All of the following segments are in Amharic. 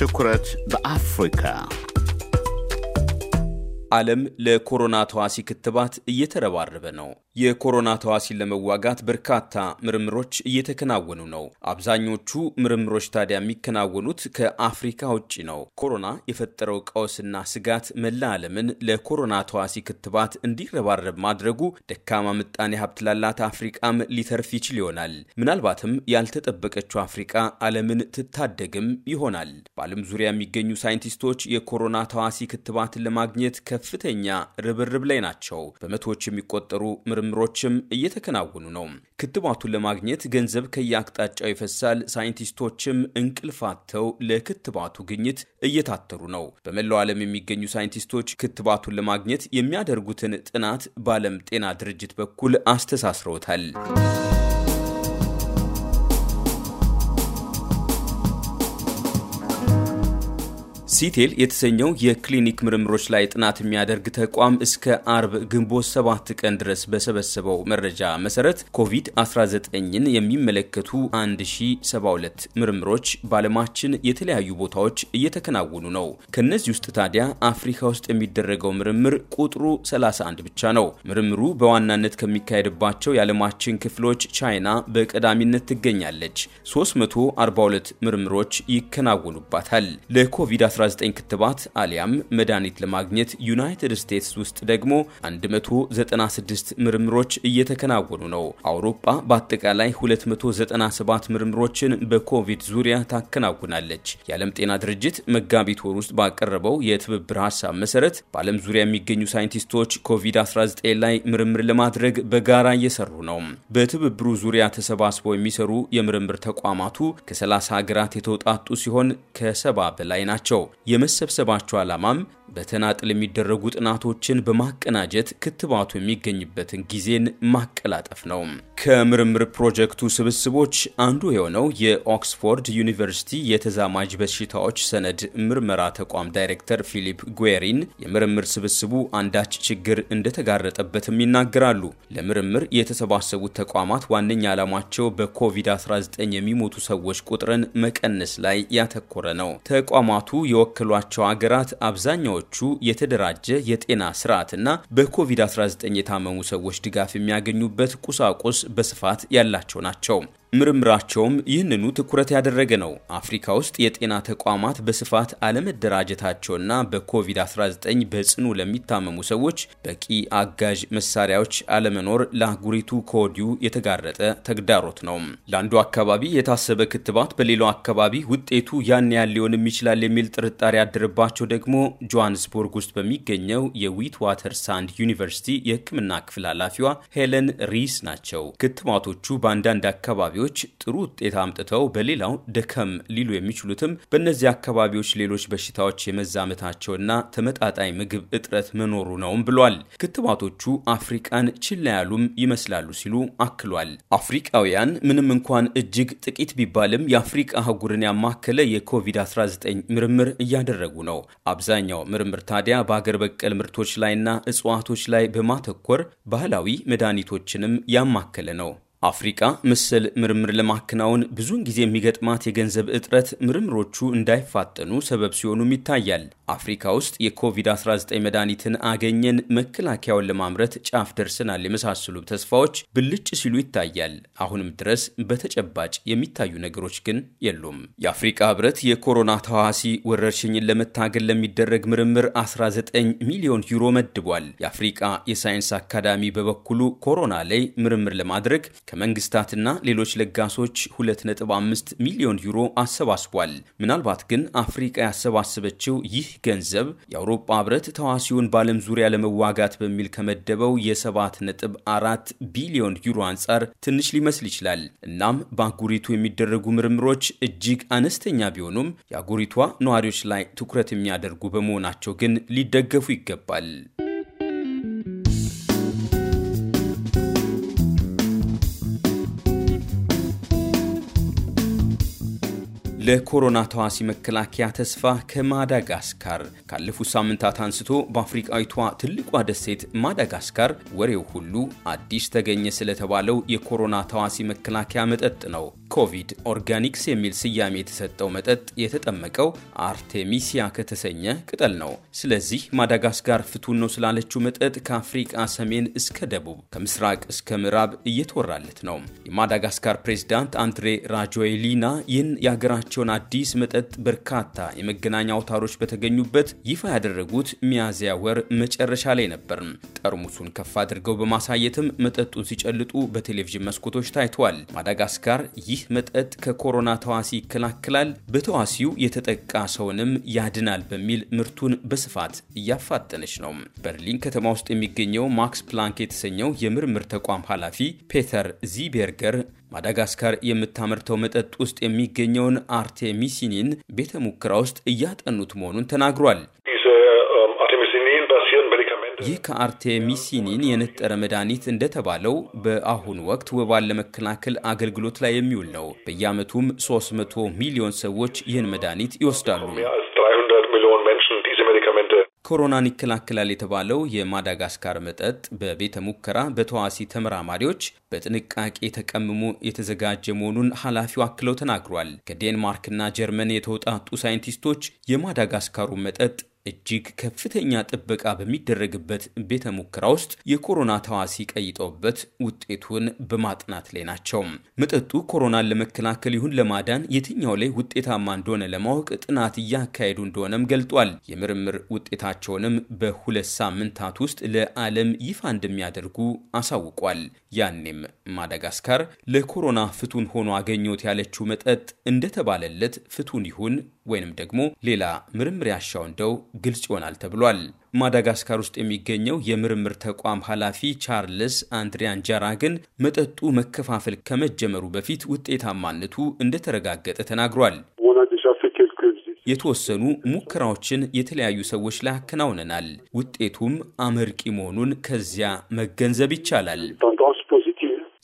Aristocrat da África. ዓለም ለኮሮና ተዋሲ ክትባት እየተረባረበ ነው። የኮሮና ተዋሲን ለመዋጋት በርካታ ምርምሮች እየተከናወኑ ነው። አብዛኞቹ ምርምሮች ታዲያ የሚከናወኑት ከአፍሪካ ውጭ ነው። ኮሮና የፈጠረው ቀውስና ስጋት መላ ዓለምን ለኮሮና ተዋሲ ክትባት እንዲረባረብ ማድረጉ ደካማ ምጣኔ ሀብት ላላት አፍሪቃም ሊተርፍ ይችል ይሆናል። ምናልባትም ያልተጠበቀችው አፍሪቃ ዓለምን ትታደግም ይሆናል። በዓለም ዙሪያ የሚገኙ ሳይንቲስቶች የኮሮና ተዋሲ ክትባትን ለማግኘት ከፍተኛ ርብርብ ላይ ናቸው። በመቶዎች የሚቆጠሩ ምርምሮችም እየተከናወኑ ነው። ክትባቱን ለማግኘት ገንዘብ ከየአቅጣጫው ይፈሳል። ሳይንቲስቶችም እንቅልፋተው ለክትባቱ ግኝት እየታተሩ ነው። በመላው ዓለም የሚገኙ ሳይንቲስቶች ክትባቱን ለማግኘት የሚያደርጉትን ጥናት በዓለም ጤና ድርጅት በኩል አስተሳስረውታል። ሲቴል የተሰኘው የክሊኒክ ምርምሮች ላይ ጥናት የሚያደርግ ተቋም እስከ አርብ ግንቦት ሰባት ቀን ድረስ በሰበሰበው መረጃ መሰረት ኮቪድ-19ን የሚመለከቱ 1072 ምርምሮች በዓለማችን የተለያዩ ቦታዎች እየተከናወኑ ነው። ከእነዚህ ውስጥ ታዲያ አፍሪካ ውስጥ የሚደረገው ምርምር ቁጥሩ 31 ብቻ ነው። ምርምሩ በዋናነት ከሚካሄድባቸው የዓለማችን ክፍሎች ቻይና በቀዳሚነት ትገኛለች። 342 ምርምሮች ይከናወኑባታል። ለኮቪድ-19 19 ክትባት አሊያም መድኃኒት ለማግኘት ዩናይትድ ስቴትስ ውስጥ ደግሞ 196 ምርምሮች እየተከናወኑ ነው። አውሮፓ በአጠቃላይ 297 ምርምሮችን በኮቪድ ዙሪያ ታከናውናለች። የዓለም ጤና ድርጅት መጋቢት ወር ውስጥ ባቀረበው የትብብር ሀሳብ መሰረት በዓለም ዙሪያ የሚገኙ ሳይንቲስቶች ኮቪድ-19 ላይ ምርምር ለማድረግ በጋራ እየሰሩ ነው። በትብብሩ ዙሪያ ተሰባስበው የሚሰሩ የምርምር ተቋማቱ ከ30 ሀገራት የተውጣጡ ሲሆን ከሰባ በላይ ናቸው። የመሰብሰባቸው ዓላማም በተናጥል የሚደረጉ ጥናቶችን በማቀናጀት ክትባቱ የሚገኝበትን ጊዜን ማቀላጠፍ ነው። ከምርምር ፕሮጀክቱ ስብስቦች አንዱ የሆነው የኦክስፎርድ ዩኒቨርሲቲ የተዛማጅ በሽታዎች ሰነድ ምርመራ ተቋም ዳይሬክተር ፊሊፕ ጉዌሪን የምርምር ስብስቡ አንዳች ችግር እንደተጋረጠበትም ይናገራሉ። ለምርምር የተሰባሰቡት ተቋማት ዋነኛ ዓላማቸው በኮቪድ-19 የሚሞቱ ሰዎች ቁጥርን መቀነስ ላይ ያተኮረ ነው። ተቋማቱ የወከሏቸው አገራት አብዛኛው ባለሙያዎቹ የተደራጀ የጤና ስርዓትና በኮቪድ-19 የታመሙ ሰዎች ድጋፍ የሚያገኙበት ቁሳቁስ በስፋት ያላቸው ናቸው። ምርምራቸውም ይህንኑ ትኩረት ያደረገ ነው። አፍሪካ ውስጥ የጤና ተቋማት በስፋት አለመደራጀታቸውና በኮቪድ-19 በጽኑ ለሚታመሙ ሰዎች በቂ አጋዥ መሳሪያዎች አለመኖር ለአህጉሪቱ ከወዲሁ የተጋረጠ ተግዳሮት ነው። ለአንዱ አካባቢ የታሰበ ክትባት በሌላው አካባቢ ውጤቱ ያን ያህል ሊሆንም ይችላል የሚል ጥርጣሬ ያደረባቸው ደግሞ ጆሃንስቦርግ ውስጥ በሚገኘው የዊት ዋተር ሳንድ ዩኒቨርሲቲ የሕክምና ክፍል ኃላፊዋ ሄለን ሪስ ናቸው። ክትባቶቹ በአንዳንድ አካባቢ አካባቢዎች ጥሩ ውጤት አምጥተው በሌላው ደከም ሊሉ የሚችሉትም በእነዚህ አካባቢዎች ሌሎች በሽታዎች የመዛመታቸውና ተመጣጣኝ ምግብ እጥረት መኖሩ ነውም ብሏል። ክትባቶቹ አፍሪቃን ችላ ያሉም ይመስላሉ ሲሉ አክሏል። አፍሪቃውያን ምንም እንኳን እጅግ ጥቂት ቢባልም የአፍሪቃ አህጉርን ያማከለ የኮቪድ-19 ምርምር እያደረጉ ነው። አብዛኛው ምርምር ታዲያ በአገር በቀል ምርቶች ላይና እጽዋቶች ላይ በማተኮር ባህላዊ መድኃኒቶችንም ያማከለ ነው። አፍሪቃ መሰል ምርምር ለማከናወን ብዙውን ጊዜ የሚገጥማት የገንዘብ እጥረት ምርምሮቹ እንዳይፋጠኑ ሰበብ ሲሆኑም ይታያል። አፍሪካ ውስጥ የኮቪድ-19 መድኃኒትን አገኘን፣ መከላከያውን ለማምረት ጫፍ ደርሰናል የመሳሰሉ ተስፋዎች ብልጭ ሲሉ ይታያል። አሁንም ድረስ በተጨባጭ የሚታዩ ነገሮች ግን የሉም። የአፍሪካ ህብረት የኮሮና ተዋሲ ወረርሽኝን ለመታገል ለሚደረግ ምርምር 19 ሚሊዮን ዩሮ መድቧል። የአፍሪቃ የሳይንስ አካዳሚ በበኩሉ ኮሮና ላይ ምርምር ለማድረግ ከመንግስታትና ሌሎች ለጋሶች 2.5 ሚሊዮን ዩሮ አሰባስቧል። ምናልባት ግን አፍሪቃ ያሰባሰበችው ይህ ገንዘብ የአውሮፓ ህብረት ተዋሲውን በዓለም ዙሪያ ለመዋጋት በሚል ከመደበው የ7.4 ቢሊዮን ዩሮ አንጻር ትንሽ ሊመስል ይችላል። እናም በአህጉሪቱ የሚደረጉ ምርምሮች እጅግ አነስተኛ ቢሆኑም የአህጉሪቷ ነዋሪዎች ላይ ትኩረት የሚያደርጉ በመሆናቸው ግን ሊደገፉ ይገባል። ለኮሮና ተዋሲ መከላከያ ተስፋ ከማዳጋስካር ካለፉት ሳምንታት አንስቶ በአፍሪቃዊቷ ትልቋ ደሴት ማዳጋስካር ወሬው ሁሉ አዲስ ተገኘ ስለተባለው የኮሮና ተዋሲ መከላከያ መጠጥ ነው። ኮቪድ ኦርጋኒክስ የሚል ስያሜ የተሰጠው መጠጥ የተጠመቀው አርቴሚሲያ ከተሰኘ ቅጠል ነው። ስለዚህ ማዳጋስካር ፍቱን ነው ስላለችው መጠጥ ከአፍሪቃ ሰሜን እስከ ደቡብ፣ ከምስራቅ እስከ ምዕራብ እየተወራለት ነው። የማዳጋስካር ፕሬዚዳንት አንድሬ ራጆኤሊና ይህን የሀገራቸው ያላቸውን አዲስ መጠጥ በርካታ የመገናኛ አውታሮች በተገኙበት ይፋ ያደረጉት ሚያዝያ ወር መጨረሻ ላይ ነበር። ጠርሙሱን ከፍ አድርገው በማሳየትም መጠጡን ሲጨልጡ በቴሌቪዥን መስኮቶች ታይቷል። ማዳጋስካር ይህ መጠጥ ከኮሮና ተዋሲ ይከላከላል፣ በተዋሲው የተጠቃ ሰውንም ያድናል በሚል ምርቱን በስፋት እያፋጠነች ነው። በርሊን ከተማ ውስጥ የሚገኘው ማክስ ፕላንክ የተሰኘው የምርምር ተቋም ኃላፊ ፔተር ዚቤርገር ማዳጋስካር የምታመርተው መጠጥ ውስጥ የሚገኘውን አርቴሚሲኒን ቤተ ሙከራ ውስጥ እያጠኑት መሆኑን ተናግሯል። uh, um, ይህ ከአርቴሚሲኒን የነጠረ መድኃኒት እንደተባለው በአሁኑ ወቅት ወባን ለመከላከል አገልግሎት ላይ የሚውል ነው። በየዓመቱም 300 ሚሊዮን ሰዎች ይህን መድኃኒት ይወስዳሉ። ኮሮናን ይከላከላል የተባለው የማዳጋስካር መጠጥ በቤተ ሙከራ በተዋሲ ተመራማሪዎች በጥንቃቄ ተቀምሞ የተዘጋጀ መሆኑን ኃላፊው አክለው ተናግሯል። ከዴንማርክና ጀርመን የተውጣጡ ሳይንቲስቶች የማዳጋስካሩን መጠጥ እጅግ ከፍተኛ ጥበቃ በሚደረግበት ቤተ ሙከራ ውስጥ የኮሮና ተዋሲ ቀይጠውበት ውጤቱን በማጥናት ላይ ናቸው። መጠጡ ኮሮናን ለመከላከል ይሁን ለማዳን የትኛው ላይ ውጤታማ እንደሆነ ለማወቅ ጥናት እያካሄዱ እንደሆነም ገልጧል። የምርምር ውጤታቸውንም በሁለት ሳምንታት ውስጥ ለዓለም ይፋ እንደሚያደርጉ አሳውቋል። ያኔም ማዳጋስካር ለኮሮና ፍቱን ሆኖ አገኘት ያለችው መጠጥ እንደተባለለት ፍቱን ይሁን ወይንም ደግሞ ሌላ ምርምር ያሻው እንደው ግልጽ ይሆናል ተብሏል። ማዳጋስካር ውስጥ የሚገኘው የምርምር ተቋም ኃላፊ ቻርልስ አንድሪያን ጃራ ግን መጠጡ መከፋፈል ከመጀመሩ በፊት ውጤታማነቱ እንደተረጋገጠ ተናግሯል። የተወሰኑ ሙከራዎችን የተለያዩ ሰዎች ላይ አከናውነናል። ውጤቱም አመርቂ መሆኑን ከዚያ መገንዘብ ይቻላል።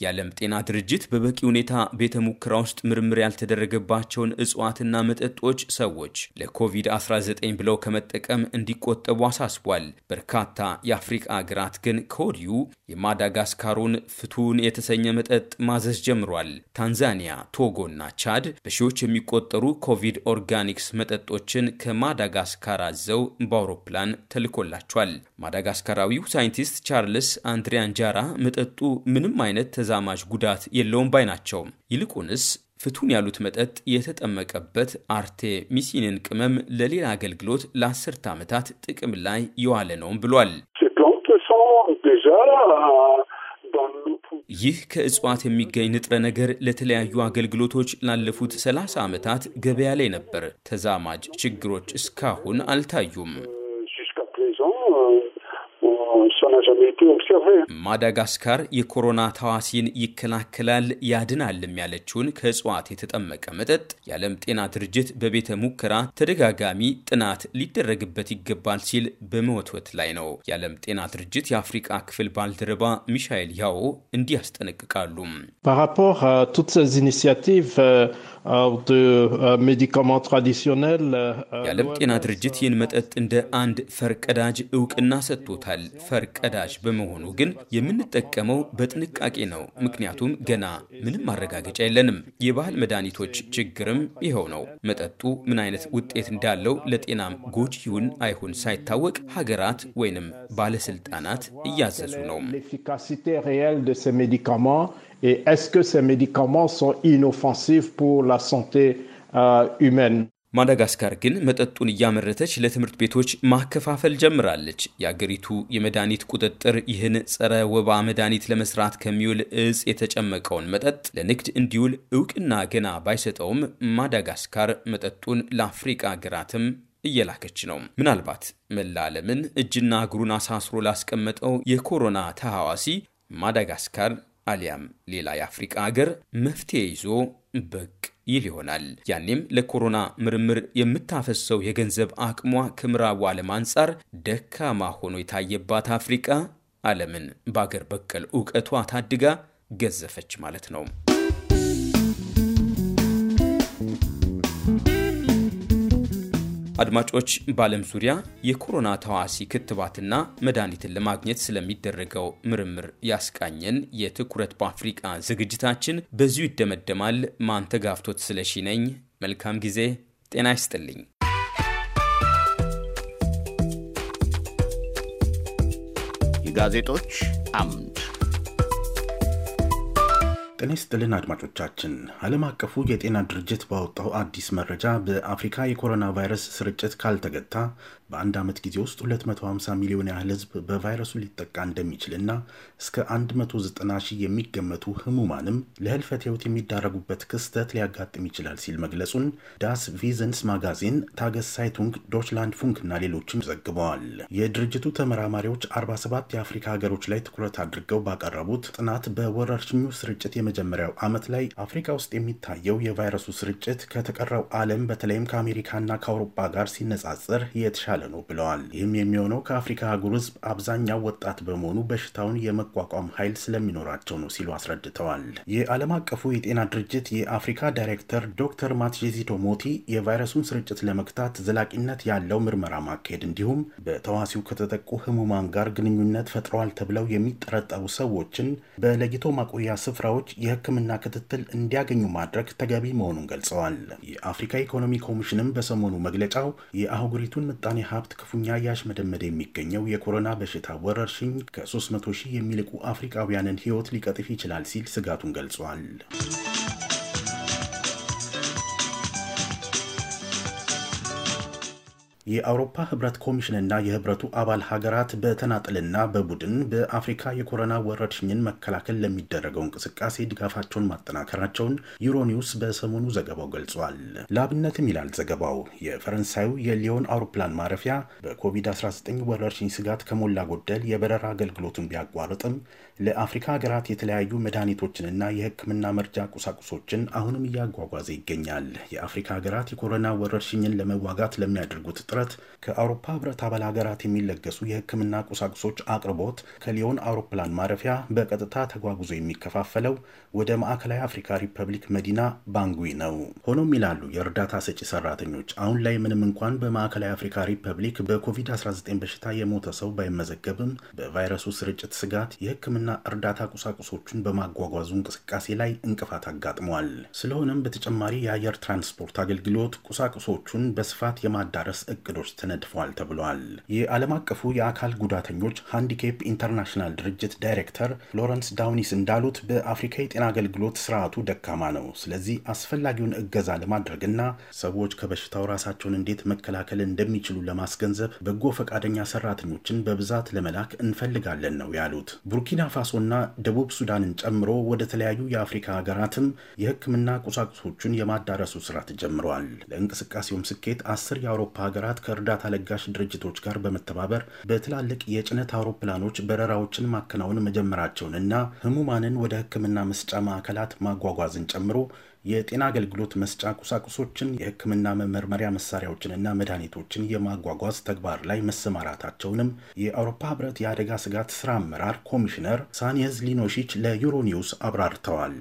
የዓለም ጤና ድርጅት በበቂ ሁኔታ ቤተ ሙከራ ውስጥ ምርምር ያልተደረገባቸውን እጽዋትና መጠጦች ሰዎች ለኮቪድ-19 ብለው ከመጠቀም እንዲቆጠቡ አሳስቧል። በርካታ የአፍሪቃ ሀገራት ግን ከወዲሁ የማዳጋስካሩን ፍቱን የተሰኘ መጠጥ ማዘዝ ጀምሯል። ታንዛኒያ፣ ቶጎና ቻድ በሺዎች የሚቆጠሩ ኮቪድ ኦርጋኒክስ መጠጦችን ከማዳጋስካር አዘው በአውሮፕላን ተልኮላቸዋል። ማዳጋስካራዊው ሳይንቲስት ቻርልስ አንድሪያን ጃራ መጠጡ ምንም አይነት ተዛማጅ ጉዳት የለውም ባይ ናቸው። ይልቁንስ ፍቱን ያሉት መጠጥ የተጠመቀበት አርቴሚሲንን ቅመም ለሌላ አገልግሎት ለአስርት ዓመታት ጥቅም ላይ የዋለ ነውም ብሏል። ይህ ከእጽዋት የሚገኝ ንጥረ ነገር ለተለያዩ አገልግሎቶች ላለፉት 30 ዓመታት ገበያ ላይ ነበር። ተዛማጅ ችግሮች እስካሁን አልታዩም። ማዳጋስካር የኮሮና ታዋሲን ይከላከላል ያድናልም ያለችውን ከእጽዋት የተጠመቀ መጠጥ የዓለም ጤና ድርጅት በቤተ ሙከራ ተደጋጋሚ ጥናት ሊደረግበት ይገባል ሲል በመወትወት ላይ ነው። የዓለም ጤና ድርጅት የአፍሪቃ ክፍል ባልደረባ ሚሻኤል ያዎ እንዲህ ያስጠነቅቃሉ። የዓለም ጤና ድርጅት ይህን መጠጥ እንደ አንድ ፈርቀዳጅ እውቅና ሰጥቶታል። ፈርቀ ቀዳጅ በመሆኑ ግን የምንጠቀመው በጥንቃቄ ነው። ምክንያቱም ገና ምንም ማረጋገጫ የለንም። የባህል መድኃኒቶች ችግርም ይኸው ነው። መጠጡ ምን አይነት ውጤት እንዳለው ለጤናም ጎጂ ይሁን አይሁን ሳይታወቅ ሀገራት ወይንም ባለስልጣናት እያዘዙ ነው። Et est-ce que ces médicaments sont inoffensifs pour la santé euh, humaine ማዳጋስካር ግን መጠጡን እያመረተች ለትምህርት ቤቶች ማከፋፈል ጀምራለች። የአገሪቱ የመድኃኒት ቁጥጥር ይህን ጸረ ወባ መድኃኒት ለመስራት ከሚውል እጽ የተጨመቀውን መጠጥ ለንግድ እንዲውል እውቅና ገና ባይሰጠውም ማዳጋስካር መጠጡን ለአፍሪቃ ሀገራትም እየላከች ነው። ምናልባት መላለምን እጅና እግሩን አሳስሮ ላስቀመጠው የኮሮና ተሐዋሲ ማዳጋስካር አሊያም ሌላ የአፍሪቃ አገር መፍትሄ ይዞ ብቅ ይል ይሆናል። ያኔም ለኮሮና ምርምር የምታፈሰው የገንዘብ አቅሟ ከምዕራቡ ዓለም አንጻር ደካማ ሆኖ የታየባት አፍሪቃ ዓለምን በአገር በቀል እውቀቷ ታድጋ ገዘፈች ማለት ነው። አድማጮች በዓለም ዙሪያ የኮሮና ተዋሲ ክትባትና መድኃኒትን ለማግኘት ስለሚደረገው ምርምር ያስቃኘን የትኩረት በአፍሪቃ ዝግጅታችን በዚሁ ይደመደማል። ማንተጋፍቶት ስለሺ ነኝ። መልካም ጊዜ። ጤና ይስጥልኝ። ጋዜጦች አምድ ጤና ይስጥልን አድማጮቻችን። ዓለም አቀፉ የጤና ድርጅት ባወጣው አዲስ መረጃ በአፍሪካ የኮሮና ቫይረስ ስርጭት ካልተገታ በአንድ ዓመት ጊዜ ውስጥ 250 ሚሊዮን ያህል ሕዝብ በቫይረሱ ሊጠቃ እንደሚችልና እስከ 190 ሺህ የሚገመቱ ህሙማንም ለህልፈት ህይወት የሚዳረጉበት ክስተት ሊያጋጥም ይችላል ሲል መግለጹን ዳስ ቪዘንስ ማጋዚን፣ ታገስ ሳይቱንግ፣ ዶችላንድ ፉንክ እና ሌሎችም ዘግበዋል። የድርጅቱ ተመራማሪዎች 47 የአፍሪካ ሀገሮች ላይ ትኩረት አድርገው ባቀረቡት ጥናት በወረርሽኙ ስርጭት የመጀመሪያው ዓመት ላይ አፍሪካ ውስጥ የሚታየው የቫይረሱ ስርጭት ከተቀረው ዓለም በተለይም ከአሜሪካና ከአውሮፓ ጋር ሲነጻጸር የተሻለ ነው ብለዋል። ይህም የሚሆነው ከአፍሪካ አህጉር ህዝብ አብዛኛው ወጣት በመሆኑ በሽታውን የመቋቋም ኃይል ስለሚኖራቸው ነው ሲሉ አስረድተዋል። የዓለም አቀፉ የጤና ድርጅት የአፍሪካ ዳይሬክተር ዶክተር ማትሺዲዞ ሞቲ የቫይረሱን ስርጭት ለመግታት ዘላቂነት ያለው ምርመራ ማካሄድ እንዲሁም በተዋሲው ከተጠቁ ህሙማን ጋር ግንኙነት ፈጥረዋል ተብለው የሚጠረጠሩ ሰዎችን በለይቶ ማቆያ ስፍራዎች የሕክምና ክትትል እንዲያገኙ ማድረግ ተገቢ መሆኑን ገልጸዋል። የአፍሪካ ኢኮኖሚ ኮሚሽንም በሰሞኑ መግለጫው የአህጉሪቱን ምጣኔ ሀብት ክፉኛ እያሽመደመደ የሚገኘው የኮሮና በሽታ ወረርሽኝ ከ300 ሺህ የሚልቁ አፍሪካውያንን ሕይወት ሊቀጥፍ ይችላል ሲል ስጋቱን ገልጿል። የአውሮፓ ህብረት ኮሚሽንና የህብረቱ አባል ሀገራት በተናጥልና በቡድን በአፍሪካ የኮሮና ወረርሽኝን መከላከል ለሚደረገው እንቅስቃሴ ድጋፋቸውን ማጠናከራቸውን ዩሮኒውስ በሰሞኑ ዘገባው ገልጿል። ለአብነትም ይላል ዘገባው የፈረንሳዩ የሊዮን አውሮፕላን ማረፊያ በኮቪድ-19 ወረርሽኝ ስጋት ከሞላ ጎደል የበረራ አገልግሎቱን ቢያቋርጥም ለአፍሪካ ሀገራት የተለያዩ መድኃኒቶችንና የህክምና መርጃ ቁሳቁሶችን አሁንም እያጓጓዘ ይገኛል። የአፍሪካ ሀገራት የኮሮና ወረርሽኝን ለመዋጋት ለሚያደርጉት እጥረት ከአውሮፓ ህብረት አባል ሀገራት የሚለገሱ የህክምና ቁሳቁሶች አቅርቦት ከሊዮን አውሮፕላን ማረፊያ በቀጥታ ተጓጉዞ የሚከፋፈለው ወደ ማዕከላዊ አፍሪካ ሪፐብሊክ መዲና ባንጉዊ ነው። ሆኖም ይላሉ የእርዳታ ሰጪ ሰራተኞች፣ አሁን ላይ ምንም እንኳን በማዕከላዊ አፍሪካ ሪፐብሊክ በኮቪድ-19 በሽታ የሞተ ሰው ባይመዘገብም በቫይረሱ ስርጭት ስጋት የህክምና እርዳታ ቁሳቁሶቹን በማጓጓዙ እንቅስቃሴ ላይ እንቅፋት አጋጥሟል። ስለሆነም በተጨማሪ የአየር ትራንስፖርት አገልግሎት ቁሳቁሶቹን በስፋት የማዳረስ እቅድ ውስጥ ተነድፏል ተብሏል። የዓለም አቀፉ የአካል ጉዳተኞች ሃንዲኬፕ ኢንተርናሽናል ድርጅት ዳይሬክተር ሎረንስ ዳውኒስ እንዳሉት በአፍሪካ የጤና አገልግሎት ስርዓቱ ደካማ ነው። ስለዚህ አስፈላጊውን እገዛ ለማድረግና ሰዎች ከበሽታው ራሳቸውን እንዴት መከላከል እንደሚችሉ ለማስገንዘብ በጎ ፈቃደኛ ሰራተኞችን በብዛት ለመላክ እንፈልጋለን ነው ያሉት። ቡርኪና ፋሶና ደቡብ ሱዳንን ጨምሮ ወደ ተለያዩ የአፍሪካ ሀገራትም የሕክምና ቁሳቁሶቹን የማዳረሱ ስራ ተጀምረዋል። ለእንቅስቃሴውም ስኬት አስር የአውሮፓ ሀገራት ሀገራት ከእርዳታ ለጋሽ ድርጅቶች ጋር በመተባበር በትላልቅ የጭነት አውሮፕላኖች በረራዎችን ማከናወን እና ህሙማንን ወደ ሕክምና መስጫ ማዕከላት ማጓጓዝን ጨምሮ የጤና አገልግሎት መስጫ ቁሳቁሶችን የህክምና መመርመሪያ መሳሪያዎችንና መድኃኒቶችን የማጓጓዝ ተግባር ላይ መሰማራታቸውንም የአውሮፓ ህብረት የአደጋ ስጋት ስራ አመራር ኮሚሽነር ሳንየዝ ሊኖሺች ለዩሮኒውስ አብራርተዋል።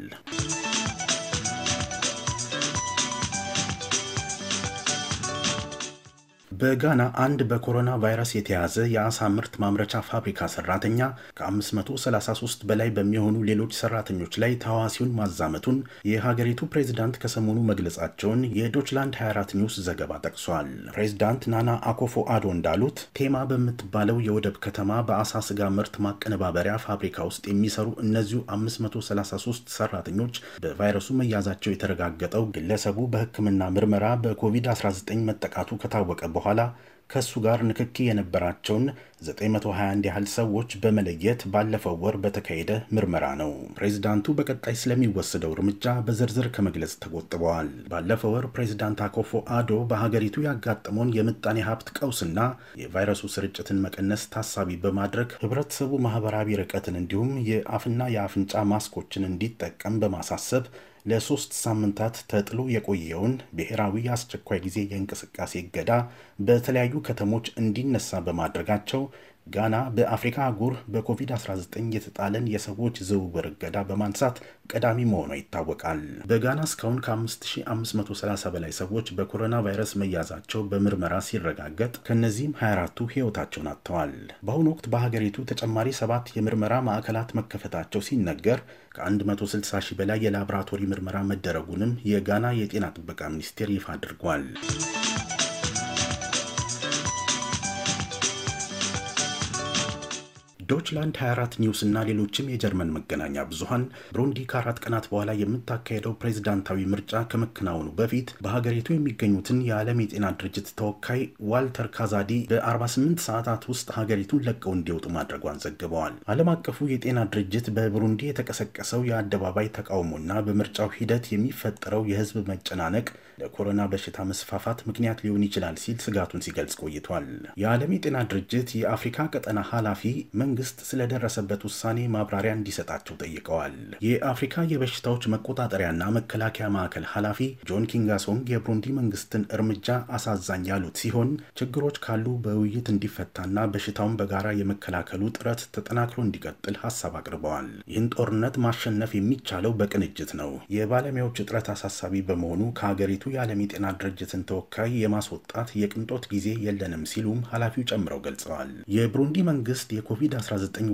በጋና አንድ በኮሮና ቫይረስ የተያዘ የአሳ ምርት ማምረቻ ፋብሪካ ሰራተኛ ከ533 በላይ በሚሆኑ ሌሎች ሰራተኞች ላይ ተዋሲውን ማዛመቱን የሀገሪቱ ፕሬዝዳንት ከሰሞኑ መግለጻቸውን የዶችላንድ 24 ኒውስ ዘገባ ጠቅሷል። ፕሬዚዳንት ናና አኮፎ አዶ እንዳሉት ቴማ በምትባለው የወደብ ከተማ በአሳ ስጋ ምርት ማቀነባበሪያ ፋብሪካ ውስጥ የሚሰሩ እነዚሁ 533 ሰራተኞች በቫይረሱ መያዛቸው የተረጋገጠው ግለሰቡ በሕክምና ምርመራ በኮቪድ-19 መጠቃቱ ከታወቀ በኋላ በኋላ ከእሱ ጋር ንክኪ የነበራቸውን 921 ያህል ሰዎች በመለየት ባለፈው ወር በተካሄደ ምርመራ ነው። ፕሬዚዳንቱ በቀጣይ ስለሚወሰደው እርምጃ በዝርዝር ከመግለጽ ተቆጥበዋል። ባለፈው ወር ፕሬዚዳንት አኮፎ አዶ በሀገሪቱ ያጋጠመውን የምጣኔ ሀብት ቀውስና የቫይረሱ ስርጭትን መቀነስ ታሳቢ በማድረግ ህብረተሰቡ ማህበራዊ ርቀትን እንዲሁም የአፍና የአፍንጫ ማስኮችን እንዲጠቀም በማሳሰብ ለሶስት ሳምንታት ተጥሎ የቆየውን ብሔራዊ የአስቸኳይ ጊዜ የእንቅስቃሴ እገዳ በተለያዩ ከተሞች እንዲነሳ በማድረጋቸው ጋና በአፍሪካ አህጉር በኮቪድ-19 የተጣለን የሰዎች ዝውውር እገዳ በማንሳት ቀዳሚ መሆኗ ይታወቃል። በጋና እስካሁን ከ5530 በላይ ሰዎች በኮሮና ቫይረስ መያዛቸው በምርመራ ሲረጋገጥ ከእነዚህም 24ቱ ሕይወታቸውን አጥተዋል። በአሁኑ ወቅት በሀገሪቱ ተጨማሪ ሰባት የምርመራ ማዕከላት መከፈታቸው ሲነገር ከ160 ሺህ በላይ የላቦራቶሪ ምርመራ መደረጉንም የጋና የጤና ጥበቃ ሚኒስቴር ይፋ አድርጓል። ዶችላንድ 24 ኒውስ እና ሌሎችም የጀርመን መገናኛ ብዙሀን ብሩንዲ ከአራት ቀናት በኋላ የምታካሄደው ፕሬዝዳንታዊ ምርጫ ከመከናወኑ በፊት በሀገሪቱ የሚገኙትን የዓለም የጤና ድርጅት ተወካይ ዋልተር ካዛዲ በ48 ሰዓታት ውስጥ ሀገሪቱን ለቀው እንዲወጡ ማድረጓን ዘግበዋል። ዓለም አቀፉ የጤና ድርጅት በብሩንዲ የተቀሰቀሰው የአደባባይ ተቃውሞና በምርጫው ሂደት የሚፈጠረው የህዝብ መጨናነቅ ለኮሮና በሽታ መስፋፋት ምክንያት ሊሆን ይችላል ሲል ስጋቱን ሲገልጽ ቆይቷል። የዓለም የጤና ድርጅት የአፍሪካ ቀጠና ኃላፊ መንግስት ስለደረሰበት ውሳኔ ማብራሪያ እንዲሰጣቸው ጠይቀዋል። የአፍሪካ የበሽታዎች መቆጣጠሪያና መከላከያ ማዕከል ኃላፊ ጆን ኪንጋሶንግ የብሩንዲ መንግስትን እርምጃ አሳዛኝ ያሉት ሲሆን ችግሮች ካሉ በውይይት እንዲፈታና በሽታውን በጋራ የመከላከሉ ጥረት ተጠናክሮ እንዲቀጥል ሀሳብ አቅርበዋል። ይህን ጦርነት ማሸነፍ የሚቻለው በቅንጅት ነው። የባለሙያዎች እጥረት አሳሳቢ በመሆኑ ከሀገሪቱ የዓለም የጤና ድርጅትን ተወካይ የማስወጣት የቅንጦት ጊዜ የለንም ሲሉም ኃላፊው ጨምረው ገልጸዋል። የብሩንዲ መንግስት የኮቪድ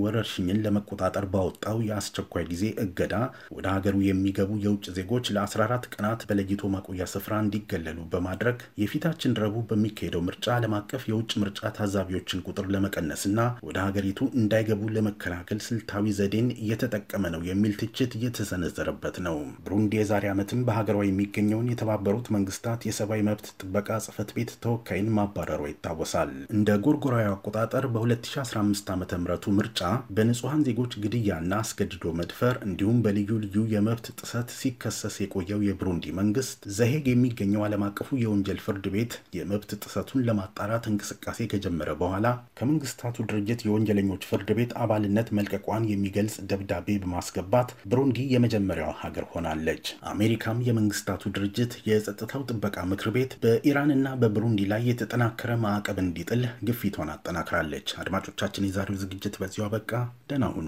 ወረርሽኝን ለመቆጣጠር ባወጣው የአስቸኳይ ጊዜ እገዳ ወደ ሀገሩ የሚገቡ የውጭ ዜጎች ለ14 ቀናት በለይቶ ማቆያ ስፍራ እንዲገለሉ በማድረግ የፊታችን ረቡዕ በሚካሄደው ምርጫ ዓለም አቀፍ የውጭ ምርጫ ታዛቢዎችን ቁጥር ለመቀነስና ወደ ሀገሪቱ እንዳይገቡ ለመከላከል ስልታዊ ዘዴን እየተጠቀመ ነው የሚል ትችት እየተሰነዘረበት ነው። ብሩንዲ የዛሬ ዓመትም በሀገሯ የሚገኘውን የተባበሩት መንግስታት የሰብአዊ መብት ጥበቃ ጽህፈት ቤት ተወካይን ማባረሯ ይታወሳል። እንደ ጎርጎራዊ አቆጣጠር በ2015 ዓ ም የዕለቱ ምርጫ በንጹሐን ዜጎች ግድያና አስገድዶ መድፈር እንዲሁም በልዩ ልዩ የመብት ጥሰት ሲከሰስ የቆየው የብሩንዲ መንግስት ዘሄግ የሚገኘው ዓለም አቀፉ የወንጀል ፍርድ ቤት የመብት ጥሰቱን ለማጣራት እንቅስቃሴ ከጀመረ በኋላ ከመንግስታቱ ድርጅት የወንጀለኞች ፍርድ ቤት አባልነት መልቀቋን የሚገልጽ ደብዳቤ በማስገባት ብሩንዲ የመጀመሪያው ሀገር ሆናለች። አሜሪካም የመንግስታቱ ድርጅት የጸጥታው ጥበቃ ምክር ቤት በኢራንና በብሩንዲ ላይ የተጠናከረ ማዕቀብ እንዲጥል ግፊቷን አጠናክራለች። አድማጮቻችን የዛሬው ዝግጅት ዝግጅት በዚሁ አበቃ። ደህና ሁኑ።